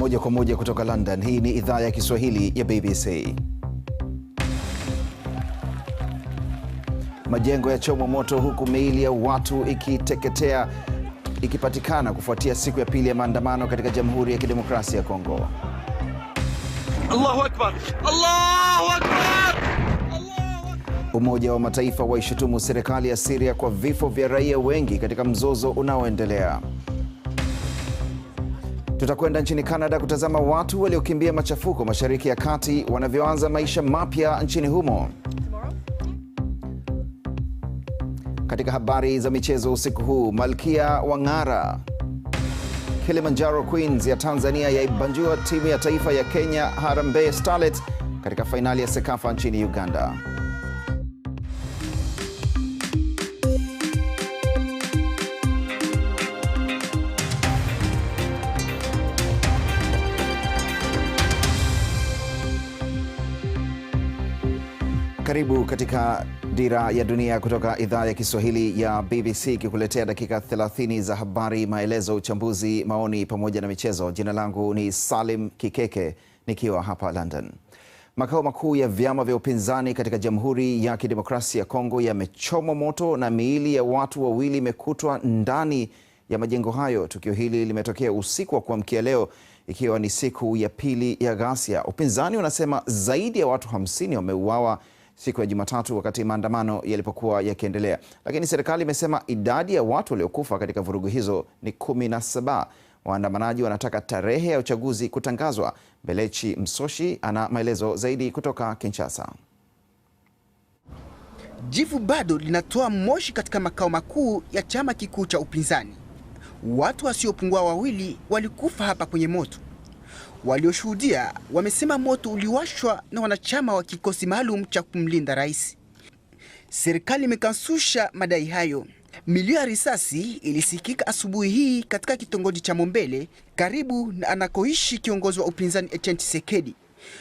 moja kwa moja kutoka London. Hii ni idhaa ya Kiswahili ya BBC. Majengo ya chomwa moto huku miili ya watu ikiteketea ikipatikana kufuatia siku ya pili ya maandamano katika Jamhuri ya Kidemokrasia ya Kongo. Allahu Akbar. Allahu Akbar. Allahu Akbar. Umoja wa Mataifa waishutumu serikali ya Syria kwa vifo vya raia wengi katika mzozo unaoendelea. Tutakwenda nchini Canada kutazama watu waliokimbia machafuko mashariki ya kati wanavyoanza maisha mapya nchini humo. Katika habari za michezo usiku huu, Malkia wang'ara. Kilimanjaro Queens ya Tanzania yaibanjua timu ya taifa ya Kenya Harambee Starlets katika fainali ya Sekafa nchini Uganda. Karibu katika Dira ya Dunia kutoka idhaa ya Kiswahili ya BBC ikikuletea dakika 30 za habari, maelezo, uchambuzi, maoni pamoja na michezo. Jina langu ni Salim Kikeke nikiwa hapa London. Makao makuu ya vyama vya upinzani katika Jamhuri ya Kidemokrasia ya Kongo yamechomwa moto na miili ya watu wawili imekutwa ndani ya majengo hayo. Tukio hili limetokea usiku wa kuamkia leo ikiwa ni siku ya pili ya ghasia. Upinzani unasema zaidi ya watu 50 wameuawa siku ya Jumatatu wakati maandamano yalipokuwa yakiendelea, lakini serikali imesema idadi ya watu waliokufa katika vurugu hizo ni kumi na saba. Waandamanaji wanataka tarehe ya uchaguzi kutangazwa. Belechi Msoshi ana maelezo zaidi kutoka Kinshasa. Jivu bado linatoa moshi katika makao makuu ya chama kikuu cha upinzani. Watu wasiopungua wawili walikufa hapa kwenye moto Walioshuhudia wamesema moto uliwashwa na wanachama wa kikosi maalum cha kumlinda rais. Serikali imekansusha madai hayo. Milio ya risasi ilisikika asubuhi hii katika kitongoji cha Mombele karibu na anakoishi kiongozi wa upinzani Etienne Tshisekedi.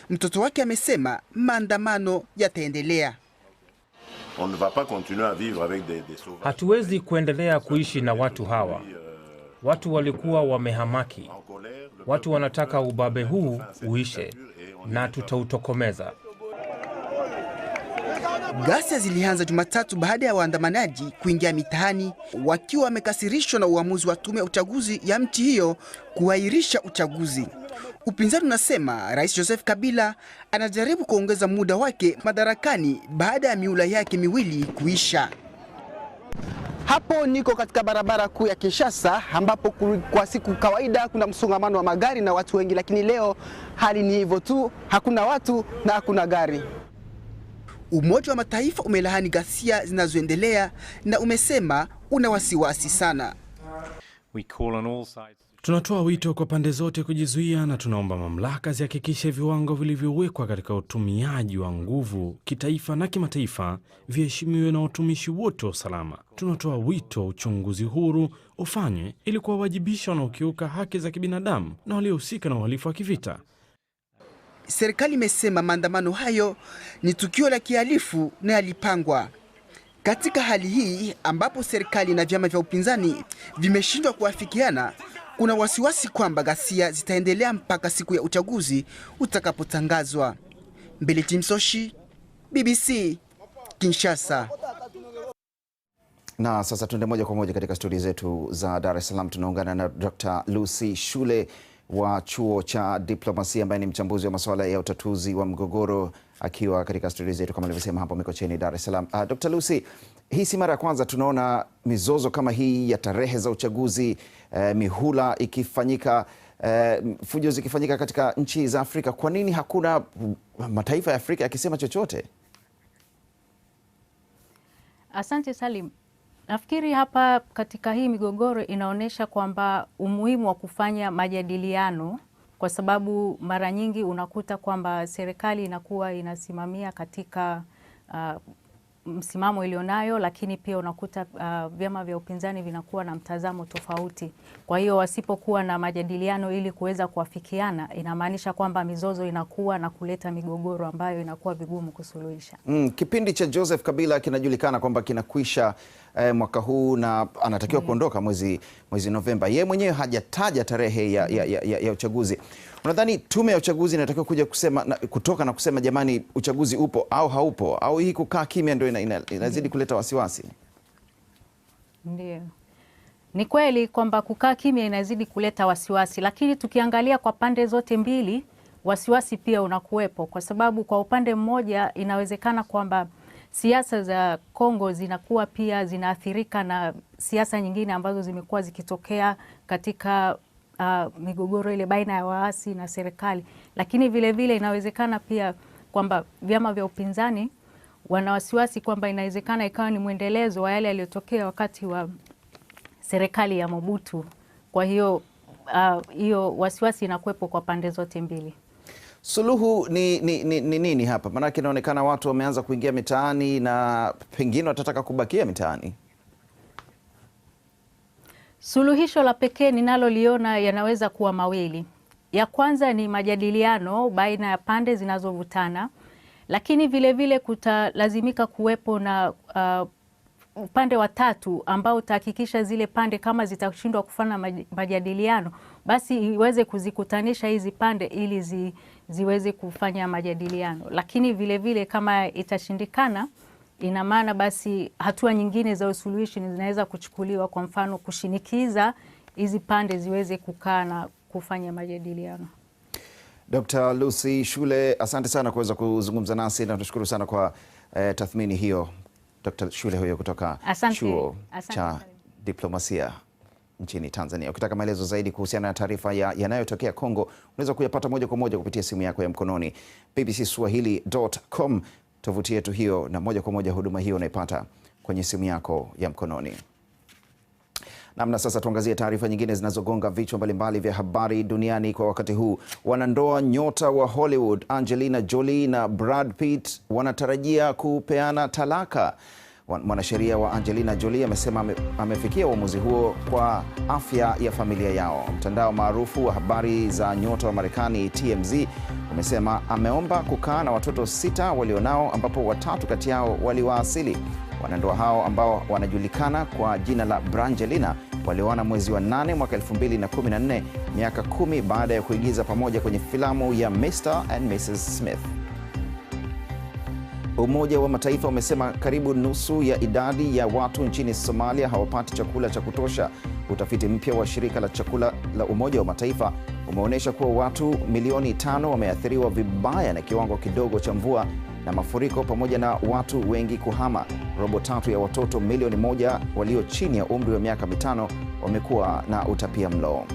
Mtoto wake amesema maandamano yataendelea. Hatuwezi kuendelea kuishi na watu hawa. Watu walikuwa wamehamaki, Watu wanataka ubabe huu uishe na tutautokomeza. Ghasia zilianza Jumatatu baada ya waandamanaji kuingia mitaani wakiwa wamekasirishwa na uamuzi wa tume ya uchaguzi ya nchi hiyo kuahirisha uchaguzi. Upinzani unasema Rais Joseph Kabila anajaribu kuongeza muda wake madarakani baada ya miula yake miwili kuisha. Hapo niko katika barabara kuu ya Kinshasa ambapo kwa siku kawaida kuna msongamano wa magari na watu wengi, lakini leo hali ni hivyo tu, hakuna watu na hakuna gari. Umoja wa Mataifa umelaani ghasia zinazoendelea na umesema una wasiwasi sana. We call on all sides. Tunatoa wito kwa pande zote kujizuia na tunaomba mamlaka zihakikishe viwango vilivyowekwa katika utumiaji wa nguvu kitaifa na kimataifa viheshimiwe na watumishi wote wa usalama. Tunatoa wito uchunguzi huru ufanywe ili kuwawajibisha wanaokiuka haki za kibinadamu na waliohusika na uhalifu wa kivita. Serikali imesema maandamano hayo ni tukio la kihalifu na yalipangwa. Katika hali hii ambapo serikali na vyama vya upinzani vimeshindwa kuafikiana kuna wasiwasi kwamba ghasia zitaendelea mpaka siku ya uchaguzi utakapotangazwa. Mbeliti Msoshi, BBC, Kinshasa. Na sasa tuende moja kwa moja katika studio zetu za Dar es Salaam. Tunaungana na Dr. Lucy Shule wa chuo cha diplomasia ambaye ni mchambuzi wa masuala ya utatuzi wa mgogoro akiwa katika studio zetu kama alivyosema hapo Mikocheni, Dar es Salaam. Uh, ah, Dr. Lucy, hii si mara ya kwanza tunaona mizozo kama hii ya tarehe za uchaguzi eh, mihula ikifanyika eh, fujo zikifanyika katika nchi za Afrika. Kwa nini hakuna mataifa ya Afrika yakisema chochote? Asante Salim. Nafikiri hapa katika hii migogoro inaonyesha kwamba umuhimu wa kufanya majadiliano kwa sababu mara nyingi unakuta kwamba serikali inakuwa inasimamia katika uh, msimamo ilionayo, lakini pia unakuta uh, vyama vya upinzani vinakuwa na mtazamo tofauti. Kwa hiyo wasipokuwa na majadiliano ili kuweza kuafikiana, inamaanisha kwamba mizozo inakuwa na kuleta migogoro ambayo inakuwa vigumu kusuluhisha. Mm, kipindi cha Joseph Kabila kinajulikana kwamba kinakwisha eh, mwaka huu na anatakiwa mm. kuondoka mwezi, mwezi Novemba. Yeye mwenyewe hajataja tarehe ya, ya, ya, ya uchaguzi. Unadhani tume ya uchaguzi inatakiwa kuja kusema na, kutoka na kusema jamani, uchaguzi upo au haupo, au hii kukaa kimya ndio inazidi ina, ina mm. kuleta wasiwasi? Ndio, ni kweli kwamba kukaa kimya inazidi kuleta wasiwasi, lakini tukiangalia kwa pande zote mbili wasiwasi pia unakuwepo, kwa sababu kwa upande mmoja inawezekana kwamba siasa za Kongo zinakuwa pia zinaathirika na siasa nyingine ambazo zimekuwa zikitokea katika uh, migogoro ile baina ya waasi na serikali, lakini vilevile vile inawezekana pia kwamba vyama vya upinzani wana wasiwasi kwamba inawezekana ikawa ni mwendelezo wa yale yaliyotokea wakati wa serikali ya Mobutu. Kwa hiyo uh, hiyo uh, wasiwasi inakuwepo kwa pande zote mbili. Suluhu ni nini ni, ni, ni hapa? Maanake inaonekana watu wameanza kuingia mitaani na pengine watataka kubakia mitaani. Suluhisho la pekee ninaloliona yanaweza kuwa mawili. Ya kwanza ni majadiliano baina ya pande zinazovutana, lakini vilevile vile kutalazimika kuwepo na uh, upande wa tatu ambao utahakikisha zile pande kama zitashindwa kufanya majadiliano, basi iweze kuzikutanisha hizi pande ili zi ziweze kufanya majadiliano, lakini vilevile vile kama itashindikana, ina maana basi hatua nyingine za usuluhishi zinaweza kuchukuliwa, kwa mfano kushinikiza hizi pande ziweze kukaa na kufanya majadiliano. Dkt. Lucy Shule, asante sana kuweza kuzungumza nasi na tunashukuru sana kwa eh, tathmini hiyo. Dkt. Shule huyo kutoka asante, chuo asante cha diplomasia nchini Tanzania. Ukitaka maelezo zaidi kuhusiana na taarifa ya yanayotokea Kongo, unaweza kuyapata moja kwa moja kupitia simu yako ya mkononi bbcswahili.com, tovuti yetu hiyo, na moja kwa moja huduma hiyo unaipata kwenye simu yako ya mkononi. Namna sasa, tuangazie taarifa nyingine zinazogonga vichwa mbalimbali vya habari duniani kwa wakati huu. Wanandoa nyota wa Hollywood Angelina Jolie na Brad Pitt wanatarajia kupeana talaka. Mwanasheria wa Angelina Jolie amesema amefikia uamuzi huo kwa afya ya familia yao. Mtandao maarufu wa habari za nyota wa Marekani TMZ umesema ameomba kukaa na watoto sita walionao, ambapo watatu kati yao waliwaasili. Wanandoa hao ambao wanajulikana kwa jina la Brangelina walioana mwezi wa nane mwaka 2014, miaka kumi baada ya kuigiza pamoja kwenye filamu ya Mr and Mrs Smith. Umoja wa Mataifa umesema karibu nusu ya idadi ya watu nchini Somalia hawapati chakula cha kutosha. Utafiti mpya wa shirika la chakula la Umoja wa Mataifa umeonyesha kuwa watu milioni tano wameathiriwa vibaya na kiwango kidogo cha mvua na mafuriko pamoja na watu wengi kuhama. Robo tatu ya watoto milioni moja walio chini ya umri wa miaka mitano wamekuwa na utapia mlo.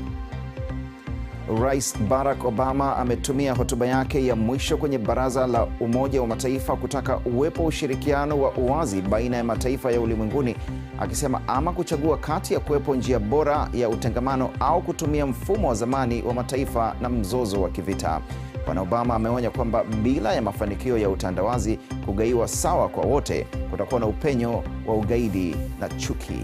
Rais Barack Obama ametumia hotuba yake ya mwisho kwenye Baraza la Umoja wa Mataifa kutaka uwepo wa ushirikiano wa uwazi baina ya mataifa ya ulimwenguni, akisema ama kuchagua kati ya kuwepo njia bora ya utengamano au kutumia mfumo wa zamani wa mataifa na mzozo wa kivita. Bwana Obama ameonya kwamba bila ya mafanikio ya utandawazi, kugaiwa sawa kwa wote, kutakuwa na upenyo wa ugaidi na chuki.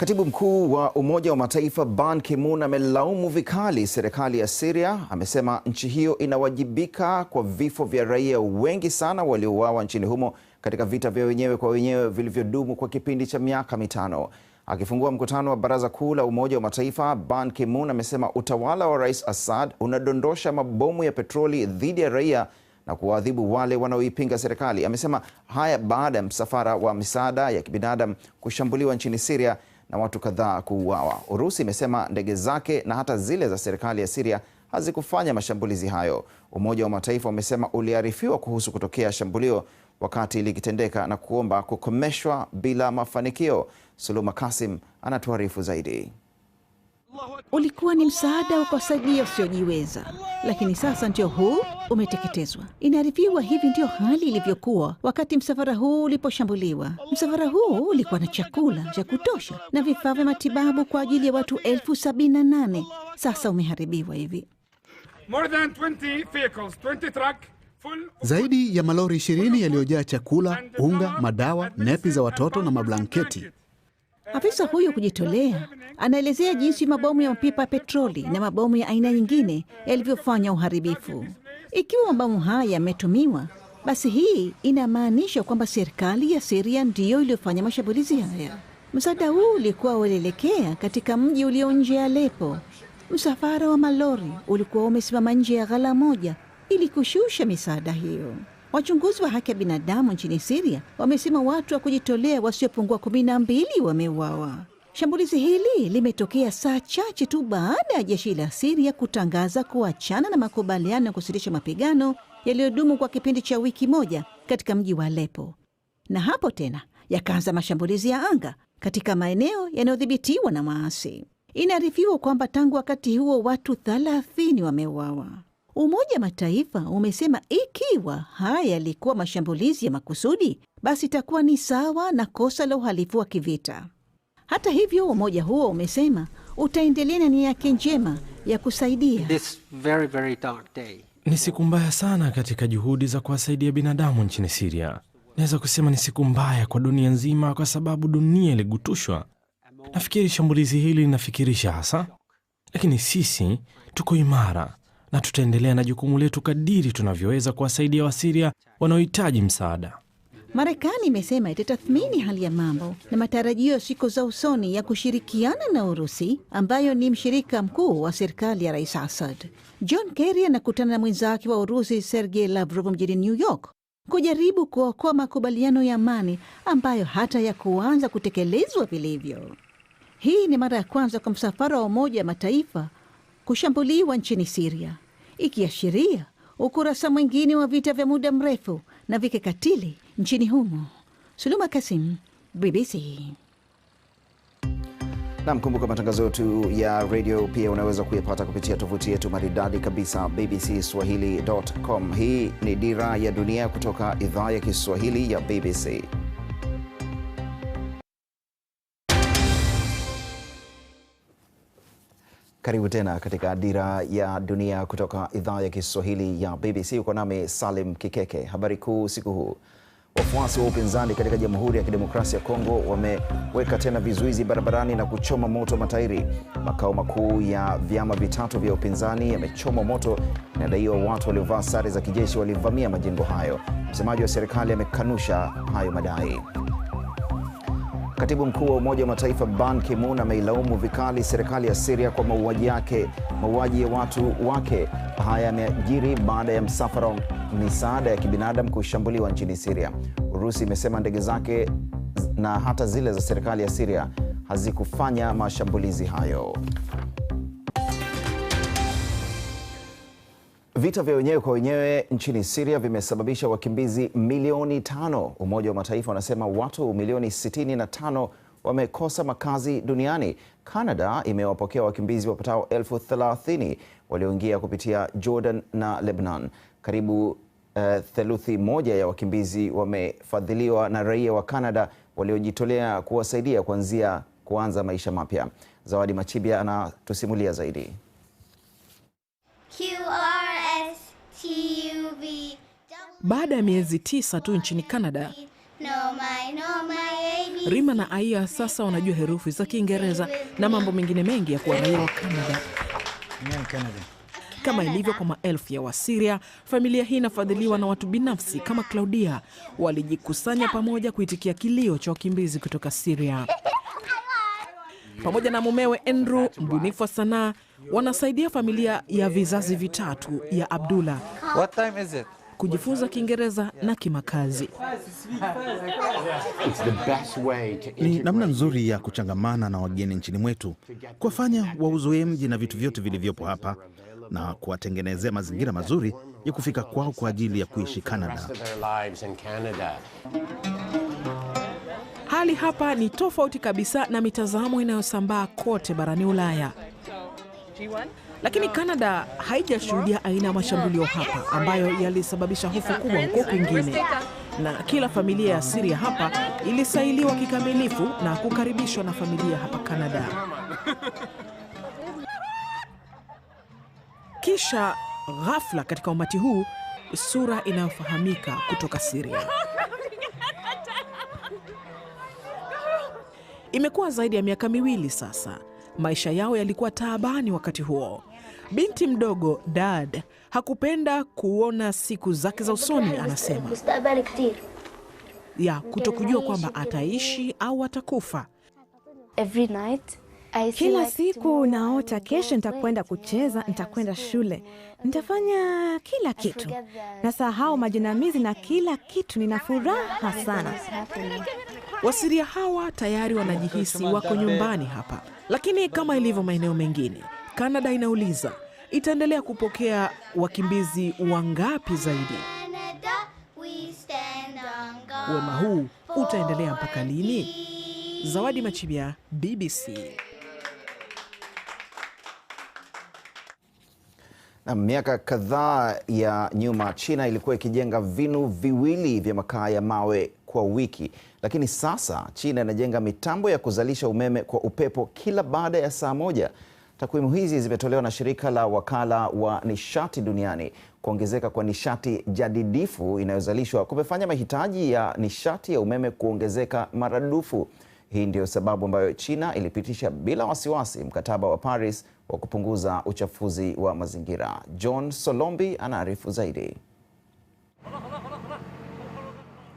Katibu mkuu wa Umoja wa Mataifa Ban Ki-moon amelaumu vikali serikali ya Syria. Amesema nchi hiyo inawajibika kwa vifo vya raia wengi sana waliouawa nchini humo katika vita vya wenyewe kwa wenyewe vilivyodumu kwa kipindi cha miaka mitano. Akifungua mkutano wa Baraza Kuu la Umoja wa Mataifa, Ban Ki-moon amesema utawala wa Rais Assad unadondosha mabomu ya petroli dhidi ya raia na kuwaadhibu wale wanaoipinga serikali. Amesema haya baada ya msafara wa misaada ya kibinadamu kushambuliwa nchini Syria na watu kadhaa kuuawa. Urusi imesema ndege zake na hata zile za serikali ya Siria hazikufanya mashambulizi hayo. Umoja wa Mataifa umesema uliarifiwa kuhusu kutokea shambulio wakati likitendeka na kuomba kukomeshwa bila mafanikio. Suluma Kasim anatuarifu zaidi ulikuwa ni msaada wa kuwasaidia usiojiweza lakini sasa ndio huu umeteketezwa. Inaarifiwa hivi ndio hali ilivyokuwa wakati msafara huu uliposhambuliwa. Msafara huu ulikuwa na chakula cha kutosha na vifaa vya matibabu kwa ajili ya watu 78 Sasa umeharibiwa hivi zaidi ya malori 20 yaliyojaa chakula, unga, madawa, nepi za watoto na mablanketi Afisa huyo kujitolea anaelezea jinsi mabomu ya mapipa ya petroli na mabomu ya aina nyingine yalivyofanya uharibifu. Ikiwa mabomu haya yametumiwa, basi hii inamaanisha kwamba serikali ya Siria ndiyo iliyofanya mashambulizi haya. Msaada huu ulikuwa ulielekea katika mji ulio nje ya Alepo. Msafara wa malori ulikuwa umesimama nje ya ghala moja ili kushusha misaada hiyo. Wachunguzi wa haki ya binadamu nchini Siria wamesema watu wa kujitolea wasiopungua kumi na mbili wameuawa. Shambulizi hili limetokea saa chache tu baada ya jeshi la Siria kutangaza kuachana na makubaliano ya kusitisha mapigano yaliyodumu kwa kipindi cha wiki moja katika mji wa lepo na hapo tena yakaanza mashambulizi ya anga katika maeneo yanayodhibitiwa na waasi. Inaarifiwa kwamba tangu wakati huo watu 30 wameuawa. Umoja wa Mataifa umesema ikiwa haya yalikuwa mashambulizi ya makusudi, basi itakuwa ni sawa na kosa la uhalifu wa kivita. Hata hivyo, umoja huo umesema utaendelea na nia yake njema ya kusaidia. very, very ni siku mbaya sana katika juhudi za kuwasaidia binadamu nchini Siria. Naweza kusema ni siku mbaya kwa dunia nzima, kwa sababu dunia iligutushwa. Nafikiri shambulizi hili linafikirisha hasa, lakini sisi tuko imara na tutaendelea na jukumu letu kadiri tunavyoweza kuwasaidia Wasiria wanaohitaji msaada. Marekani imesema itatathmini hali ya mambo na matarajio ya siku za usoni ya kushirikiana na Urusi ambayo ni mshirika mkuu wa serikali ya Rais Assad. John Kerry anakutana na mwenzake wa Urusi Sergei Lavrov mjini New York kujaribu kuokoa makubaliano ya amani ambayo hata ya kuanza kutekelezwa vilivyo. Hii ni mara ya kwanza kwa msafara wa Umoja wa Mataifa kushambuliwa nchini Siria, ikiashiria ukurasa mwingine wa vita vya muda mrefu na vikikatili nchini humo. Suluma Kasim, BBC. Nam, kumbuka matangazo yetu ya redio pia unaweza kuyapata kupitia tovuti yetu maridadi kabisa bbc Swahili.com. Hii ni Dira ya Dunia kutoka idhaa ya Kiswahili ya BBC. Karibu tena katika Dira ya Dunia kutoka idhaa ya Kiswahili ya BBC. Uko nami Salim Kikeke. Habari kuu usiku huu, wafuasi wa upinzani katika Jamhuri ya Kidemokrasia ya Kongo wameweka tena vizuizi barabarani na kuchoma moto matairi. Makao makuu ya vyama vitatu vya upinzani yamechoma moto. Inadaiwa watu waliovaa sare za kijeshi walivamia majengo hayo. Msemaji wa serikali amekanusha hayo madai. Katibu mkuu wa Umoja wa Mataifa Ban Ki-moon ameilaumu vikali serikali ya Syria kwa mauaji yake mauaji ya watu wake. Haya yamejiri baada ya msafara wa misaada ya kibinadamu kushambuliwa nchini Syria. Urusi imesema ndege zake na hata zile za serikali ya Syria hazikufanya mashambulizi hayo. Vita vya wenyewe kwa wenyewe nchini Syria vimesababisha wakimbizi milioni tano. Umoja wa Mataifa unasema watu milioni 65 wamekosa makazi duniani. Canada imewapokea wakimbizi wapatao elfu thelathini walioingia kupitia Jordan na Lebanon. Karibu Uh, theluthi moja ya wakimbizi wamefadhiliwa na raia wa Canada waliojitolea kuwasaidia kuanzia kuanza maisha mapya. Zawadi Machibia anatusimulia zaidi QR. Baada ya miezi tisa tu nchini Canada, Rima na Aya sasa wanajua herufi za Kiingereza na mambo mengine mengi ya kuwa raia wa Canada. Kama ilivyo kwa maelfu ya Wasiria, familia hii inafadhiliwa na watu binafsi kama Claudia. Walijikusanya pamoja kuitikia kilio cha wakimbizi kutoka Siria pamoja na mumewe Andrew, mbunifu wa sanaa, wanasaidia familia ya vizazi vitatu ya Abdullah kujifunza Kiingereza na kimakazi. Ni namna nzuri ya kuchangamana na wageni nchini mwetu, kuwafanya wauzoe mji na vitu vyote vilivyopo hapa na kuwatengenezea mazingira mazuri ya kufika kwao kwa ajili ya kuishi Kanada. Hali hapa ni tofauti kabisa na mitazamo inayosambaa kote barani Ulaya. Lakini Kanada haijashuhudia aina ya mashambulio hapa ambayo yalisababisha hofu kubwa huko kwingine, na kila familia ya Siria hapa ilisailiwa kikamilifu na kukaribishwa na familia hapa Kanada. Kisha ghafla, katika umati huu, sura inayofahamika kutoka Siria. Imekuwa zaidi ya miaka miwili sasa. Maisha yao yalikuwa taabani wakati huo. Binti mdogo Dad hakupenda kuona siku zake za usoni, anasema ya kuto kujua kwamba ataishi au atakufa. Kila siku naota kesho nitakwenda kucheza, nitakwenda shule, nitafanya kila kitu, nasahau majinamizi na kila kitu, nina furaha sana. Wasiria hawa tayari wanajihisi wako nyumbani hapa, lakini kama ilivyo maeneo mengine, Kanada inauliza itaendelea kupokea wakimbizi wangapi zaidi? Wema huu utaendelea mpaka lini? Zawadi Machibia, BBC. Na miaka kadhaa ya nyuma China ilikuwa ikijenga vinu viwili vya makaa ya mawe kwa wiki lakini sasa China inajenga mitambo ya kuzalisha umeme kwa upepo kila baada ya saa moja. Takwimu hizi zimetolewa na shirika la wakala wa nishati duniani. Kuongezeka kwa nishati jadidifu inayozalishwa kumefanya mahitaji ya nishati ya umeme kuongezeka maradufu. Hii ndiyo sababu ambayo China ilipitisha bila wasiwasi mkataba wa Paris wa kupunguza uchafuzi wa mazingira. John Solombi anaarifu zaidi.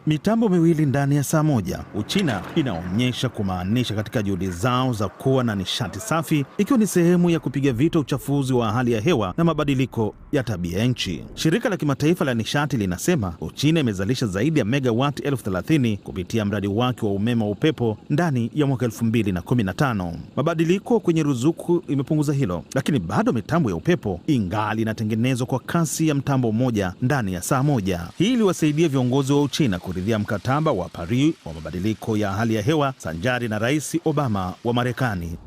Mitambo miwili ndani ya saa moja. Uchina inaonyesha kumaanisha katika juhudi zao za kuwa na nishati safi, ikiwa ni sehemu ya kupiga vita uchafuzi wa hali ya hewa na mabadiliko ya tabia ya nchi. Shirika la kimataifa la nishati linasema Uchina imezalisha zaidi ya megawati elfu thelathini kupitia mradi wake wa umeme wa upepo ndani ya mwaka 2015. Mabadiliko kwenye ruzuku imepunguza hilo, lakini bado mitambo ya upepo ingali inatengenezwa kwa kasi ya mtambo mmoja ndani ya saa moja. Hii iliwasaidia viongozi wa Uchina kuridhia mkataba wa Paris wa mabadiliko ya hali ya hewa sanjari na Rais Obama wa Marekani.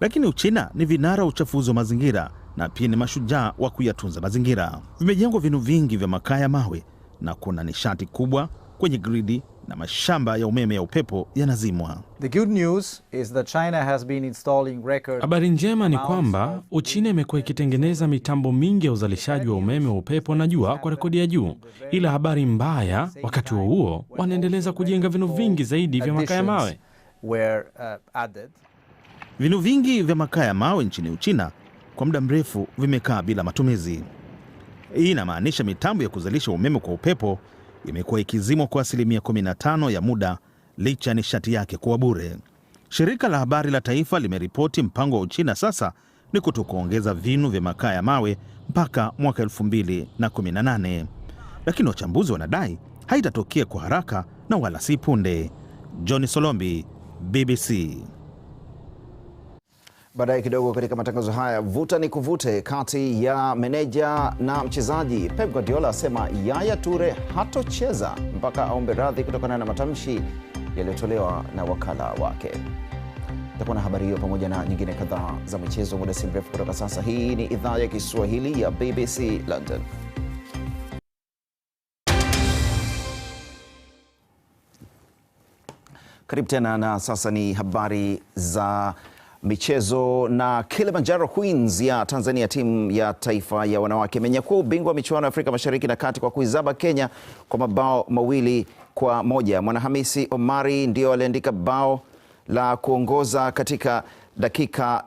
Lakini Uchina ni vinara uchafuzi wa mazingira na pia ni mashujaa wa kuyatunza mazingira. Vimejengwa vinu vingi vya makaa ya mawe na kuna nishati kubwa kwenye gridi na mashamba ya umeme ya upepo yanazimwa. Habari njema ni kwamba Uchina imekuwa ikitengeneza mitambo mingi ya uzalishaji wa umeme wa upepo na jua kwa rekodi ya juu, ila habari mbaya, wakati huo huo wanaendeleza kujenga vinu vingi zaidi vya makaa ya mawe. Uh, vinu vingi vya makaa ya mawe nchini Uchina kwa muda mrefu vimekaa bila matumizi. Hii inamaanisha mitambo ya kuzalisha umeme kwa upepo imekuwa ikizimwa kwa asilimia 15 ya muda licha ya nishati yake kuwa bure. Shirika la habari la taifa limeripoti mpango wa Uchina sasa ni kutokuongeza vinu vya makaa ya mawe mpaka mwaka 2018, lakini wachambuzi wanadai haitatokea kwa haraka na wala si punde. John Solombi, BBC. Baadaye kidogo katika matangazo haya, vuta ni kuvute kati ya meneja na mchezaji. Pep Guardiola asema Yaya Toure hatocheza mpaka aombe radhi kutokana na matamshi yaliyotolewa na wakala wake. Tutakuwa na habari hiyo pamoja na nyingine kadhaa za michezo muda si mrefu kutoka sasa. Hii ni idhaa ya Kiswahili ya BBC London. Karibu tena, na sasa ni habari za michezo na Kilimanjaro Queens ya Tanzania, timu ya taifa ya wanawake imenyakua ubingwa wa michuano ya Afrika Mashariki na Kati kwa kuizaba Kenya kwa mabao mawili kwa moja. Mwanahamisi Omari ndio aliandika bao la kuongoza katika dakika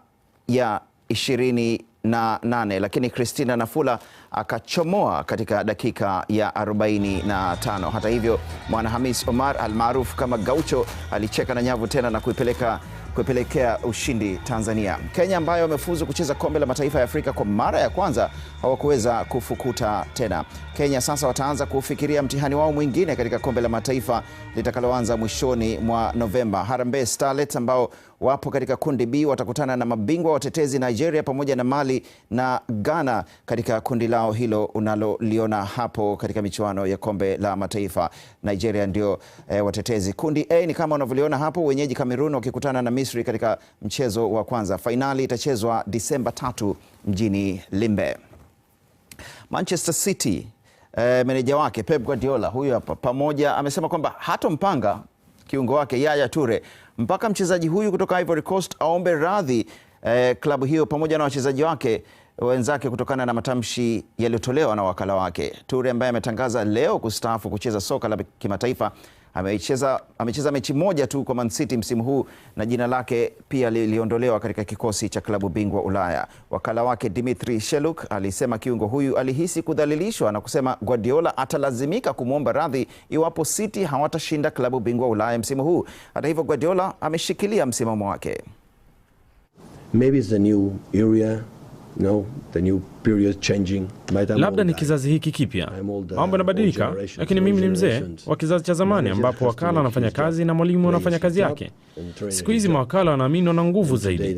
ya ishirini na nane lakini Christina Nafula akachomoa katika dakika ya 45. Hata hivyo, Mwanahamis Omar almaarufu kama Gaucho alicheka na nyavu tena na kuipeleka kuipelekea ushindi Tanzania. Kenya ambayo wamefuzu kucheza kombe la mataifa ya Afrika kwa mara ya kwanza hawakuweza kufukuta tena. Kenya sasa wataanza kufikiria mtihani wao mwingine katika kombe la mataifa litakaloanza mwishoni mwa Novemba. Harambee Starlets ambao wapo katika kundi B watakutana na mabingwa watetezi Nigeria pamoja na Mali na Ghana katika kundi lao hilo unaloliona hapo katika michuano ya kombe la mataifa. Nigeria ndio eh, watetezi. Kundi A ni kama unavyoliona hapo, wenyeji Cameroon wakikutana na Misri Misri katika mchezo wa kwanza. Fainali itachezwa Disemba tatu mjini Limbe. Manchester City eh, meneja wake Pep Guardiola huyu hapa pamoja amesema kwamba hatompanga kiungo wake Yaya Toure mpaka mchezaji huyu kutoka Ivory Coast aombe radhi eh, klabu hiyo pamoja na wachezaji wake wenzake kutokana na matamshi yaliyotolewa na wakala wake. Toure ambaye ametangaza leo kustaafu kucheza soka la kimataifa amecheza amecheza mechi moja tu kwa Man City msimu huu na jina lake pia liliondolewa katika kikosi cha klabu bingwa Ulaya. Wakala wake Dimitri Sheluk alisema kiungo huyu alihisi kudhalilishwa na kusema Guardiola atalazimika kumwomba radhi iwapo City hawatashinda klabu bingwa Ulaya msimu huu. Hata hivyo, Guardiola ameshikilia msimamo wake. Maybe it's a new area Labda ni kizazi hiki kipya, mambo yanabadilika, lakini mimi ni mzee wa kizazi cha zamani ambapo wakala anafanya kazi na mwalimu anafanya kazi yake. Siku hizi mawakala wanaamini wana nguvu zaidi.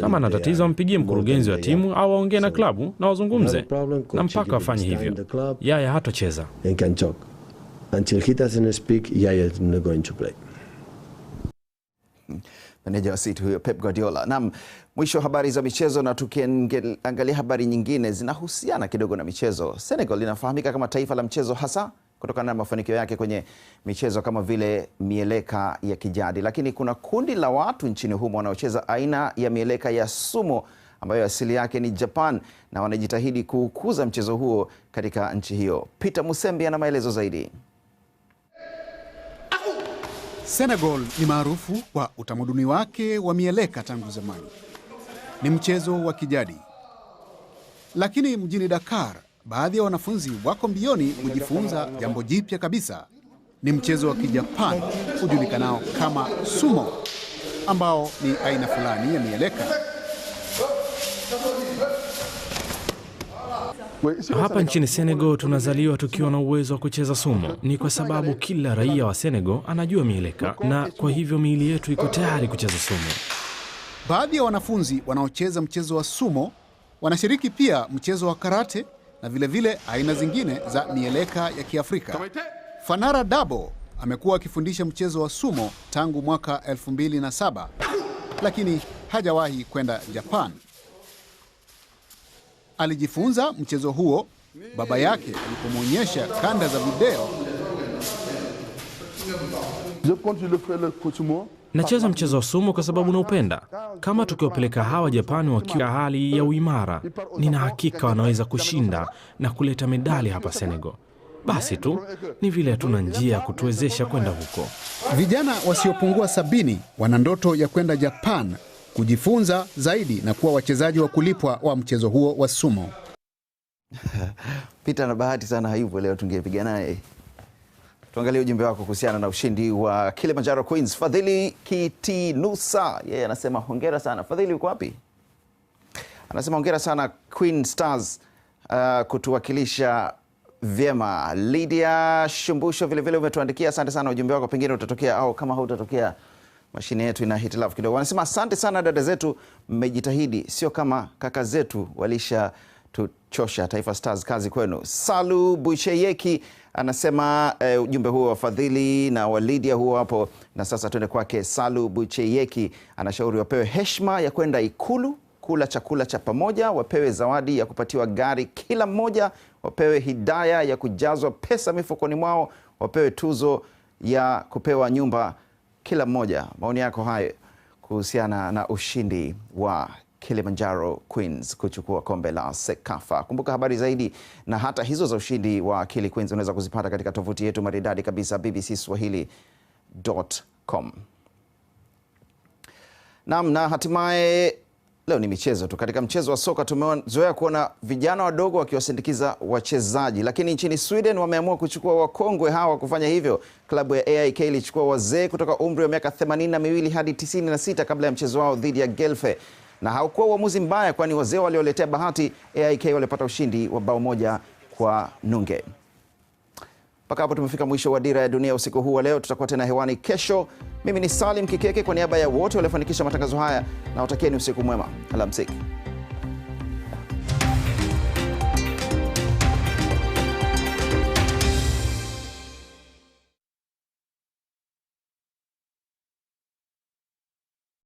Kama ana tatizo, ampigie mkurugenzi wa timu au aongee na klabu na wazungumze, na mpaka wafanye hivyo, yaya hatocheza. Meneja wa City huyo Pep Guardiola. Naam, mwisho habari za michezo na tukiangalia habari nyingine zinahusiana kidogo na michezo. Senegal linafahamika kama taifa la mchezo hasa kutokana na mafanikio yake kwenye michezo kama vile mieleka ya kijadi, lakini kuna kundi la watu nchini humo wanaocheza aina ya mieleka ya sumo ambayo asili yake ni Japan na wanajitahidi kuukuza mchezo huo katika nchi hiyo. Peter Musembi ana maelezo zaidi. Senegal ni maarufu kwa utamaduni wake wa mieleka tangu zamani. Ni mchezo wa kijadi. Lakini mjini Dakar, baadhi ya wanafunzi wako mbioni kujifunza jambo jipya kabisa. Ni mchezo wa Kijapani ujulikanao kama sumo ambao ni aina fulani ya mieleka. Hapa nchini Senegal tunazaliwa tukiwa na uwezo wa kucheza sumo. Ni kwa sababu kila raia wa Senegal anajua mieleka, na kwa hivyo miili yetu iko tayari kucheza sumo. Baadhi ya wanafunzi wanaocheza mchezo wa sumo wanashiriki pia mchezo wa karate na vilevile vile aina zingine za mieleka ya Kiafrika. Fanara Dabo amekuwa akifundisha mchezo wa sumo tangu mwaka 2007 lakini hajawahi kwenda Japan. Alijifunza mchezo huo baba yake alipomwonyesha kanda za video. Nacheza mchezo wa sumo kwa sababu naupenda. Kama tukiwapeleka hawa Japani wakiwa hali ya uimara, nina hakika wanaweza kushinda na kuleta medali hapa Senegal. Basi tu ni vile hatuna njia ya kutuwezesha kwenda huko. Vijana wasiopungua sabini wana ndoto ya kwenda Japan kujifunza zaidi na kuwa wachezaji wa kulipwa wa mchezo huo wa sumo. Pita na bahati sana haivo leo, tungepiga naye. Tuangalie ujumbe wako kuhusiana na ushindi wa Kilimanjaro Queens. Fadhili Kitinusa yeye anasema hongera sana. Fadhili, uko wapi? Anasema hongera sana Queen Stars uh, kutuwakilisha vyema. Lydia Shumbusho vilevile umetuandikia, asante sana ujumbe wako, pengine utatokea au kama hautatokea mashine yetu ina hitilafu kidogo. Wanasema asante sana dada zetu, mmejitahidi, sio kama kaka zetu walisha tuchosha. Taifa Stars, kazi kwenu. Salu Busheyeki anasema eh, ujumbe huo wafadhili na walidia huo hapo. Na sasa tuende kwake Salu Bucheyeki, anashauri wapewe heshima ya kwenda Ikulu kula chakula cha pamoja, wapewe zawadi ya kupatiwa gari kila mmoja, wapewe hidaya ya kujazwa pesa mifukoni mwao, wapewe tuzo ya kupewa nyumba kila mmoja maoni yako hayo kuhusiana na ushindi wa Kilimanjaro Queens kuchukua kombe la Sekafa. Kumbuka habari zaidi na hata hizo za ushindi wa Kili Queens unaweza kuzipata katika tovuti yetu maridadi kabisa bbcswahili.com. Naam, na hatimaye Leo ni michezo tu. Katika mchezo wa soka tumezoea kuona vijana wadogo wakiwasindikiza wachezaji, lakini nchini Sweden wameamua kuchukua wakongwe hawa kufanya hivyo. Klabu ya AIK ilichukua wazee kutoka umri wa miaka 82 na miwili hadi 96 kabla ya mchezo wao dhidi ya Gelfe, na haukuwa uamuzi mbaya, kwani wazee walioletea bahati AIK walipata ushindi wa bao moja kwa nunge. Mpaka hapo tumefika mwisho wa Dira ya Dunia usiku huu wa leo. Tutakuwa tena hewani kesho. Mimi ni Salim Kikeke, kwa niaba ya wote waliofanikisha matangazo haya, nawatakieni usiku mwema. Alamsiki.